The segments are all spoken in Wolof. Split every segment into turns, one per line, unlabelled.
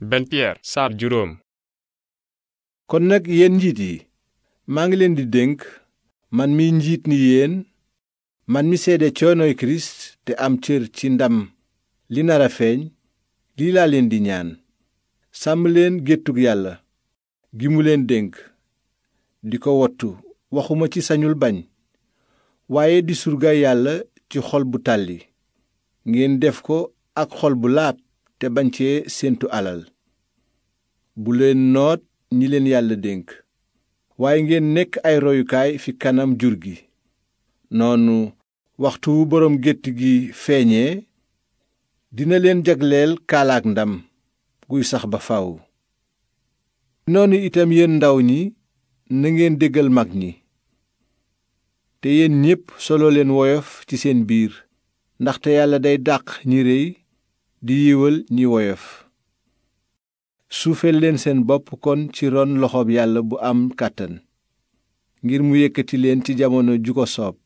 benn Pierre saar kon nag yéen njiit yi maa ngi leen di dénk man mi njiit ni yéen man mi seede coonoy kirist te am cër ci ndam li nar a feeñ lii laa leen di ñaan sàmm leen géttug yàlla gi mu leen dénk di ko wottu waxuma ci sañul bañ waaye di surga yàlla ci xol bu tàlli ngeen def ko ak xol bu laab te bañ cee séentu alal bu leen noot ñi leen yàlla dénk waaye ngeen nekk ay royukaay fi kanam jur gi noonu waxtu wu boroom gétt gi feeñee dina leen jagleel kaalaak ndam guy sax ba faw noonu itam yéen ndaw ñi na ngeen déggal mag ñi te yéen ñépp solo leen woyof ci seen biir ndaxte yàlla day dàq ñi réy di yiwal ñi woyof suufeel leen seen bopp kon ci ron loxoob yàlla bu am kàttan ngir mu yëkkati leen ci jamono ju ko soob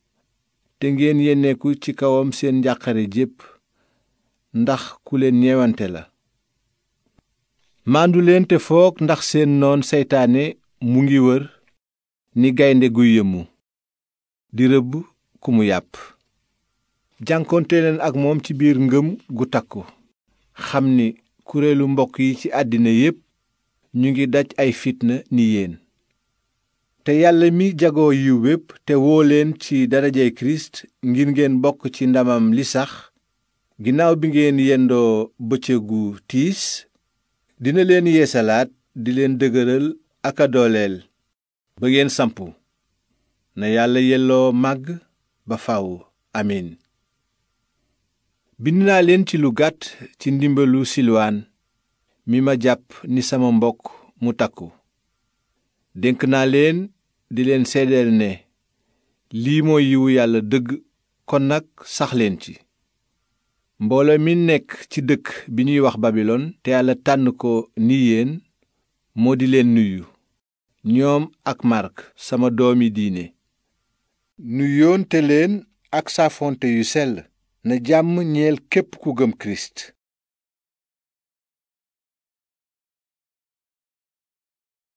te ngeen yenneeku ci kawam seen njàqare jépp ndax ku leen ñeewante la maandu leen te foog ndax seen noon seytaane mu ngi wër ni gaynde gu yëmmu di rëbb ku mu yàpp jànkoonte leen ak moom ci biir ngëm gu takku xam ni kuréelu mbokk yi ci àddina yépp ñu ngi daj ay fitna ni yéen te yàlla mi jago yiw wépp te woo leen ci darajey kirist ngir ngeen bokk ci ndamam li sax ginnaaw bi ngeen yendoo bëccëgu tiis dina leen yeesalaat di leen dëgëral ak a dooleel ba ngeen sampu na yàlla yelloo màgg ba faw amin bind naa leen ci lu gàtt ci ndimbalu silwaan mi ma jàpp ni sama mbokk mu takku dénk naa leen di leen seedeel ne lii moo yiwu yàlla dëgg kon nag sax leen ci mboole mi nekk ci dëkk bi ñuy wax babilon te yàlla tànn ko ni yéen moo di leen nuyu ñoom ak màrk sama doomi diine nuyoonte leen ak saafonte yu sell na jàmm ñeel képp ku gëm kirist